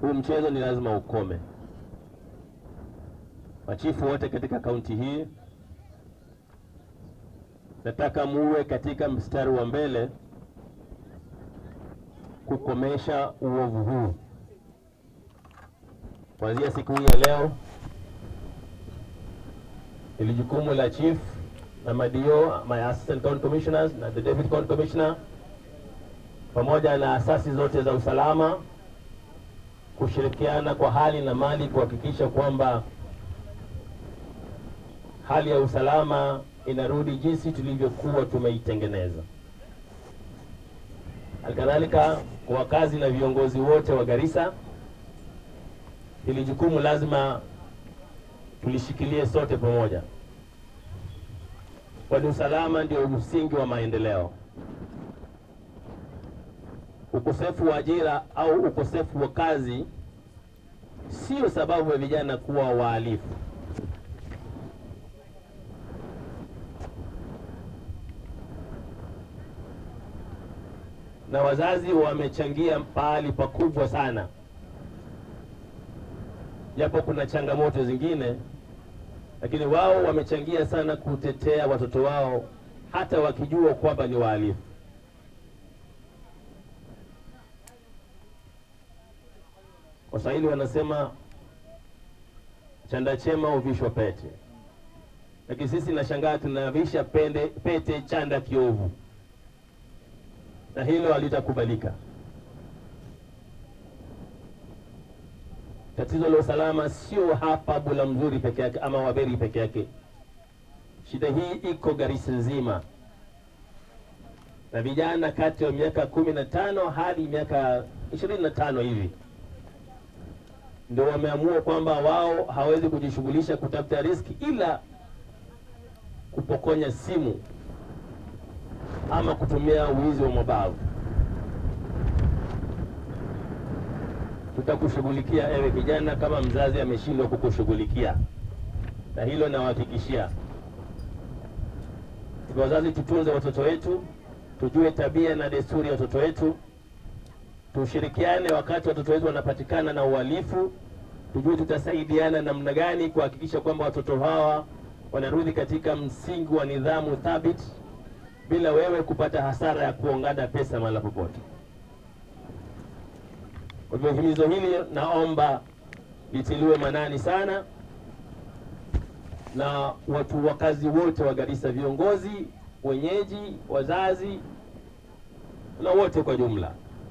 huu mchezo ni lazima ukome. Machifu wote katika kaunti hii, nataka muwe katika mstari wa mbele kukomesha uovu huu kuanzia siku hii ya leo. Ili jukumu la chief na madio, my assistant county commissioners na the deputy county commissioner pamoja na asasi zote za usalama kushirikiana kwa hali na mali kuhakikisha kwamba hali ya usalama inarudi jinsi tulivyokuwa tumeitengeneza. halikadhalika kwa wakazi na viongozi wote wa Garissa, hili jukumu lazima tulishikilie sote pamoja, kwani usalama ndio msingi wa maendeleo. Ukosefu wa ajira au ukosefu wa kazi sio sababu ya vijana kuwa wahalifu. Na wazazi wamechangia pahali pakubwa sana, japo kuna changamoto zingine, lakini wao wamechangia sana kutetea watoto wao, hata wakijua kwamba ni wahalifu. Waswahili wanasema chanda chema huvishwa pete, lakini sisi nashangaa tunavisha pende, pete chanda kiovu, na hilo halitakubalika. Tatizo la usalama sio hapa bula mzuri peke yake ama Waberi peke yake. Shida hii iko Garissa nzima, na vijana kati ya miaka kumi na tano hadi miaka ishirini na tano hivi ndio wameamua kwamba wao hawezi kujishughulisha kutafuta riski ila kupokonya simu ama kutumia uwizi wa mabavu. Tutakushughulikia ewe kijana, kama mzazi ameshindwa kukushughulikia, na hilo nawahakikishia. Wazazi, tutunze watoto wetu, tujue tabia na desturi ya watoto wetu, tushirikiane wakati watoto wetu wanapatikana na uhalifu tujue tutasaidiana namna gani kuhakikisha kwamba watoto hawa wanarudi katika msingi wa nidhamu thabiti bila wewe kupata hasara ya kuongana pesa mahala popote. Kwa hivyo himizo hili naomba litiliwe manani sana na watu wakazi wote wa garisa viongozi, wenyeji, wazazi na wote kwa jumla.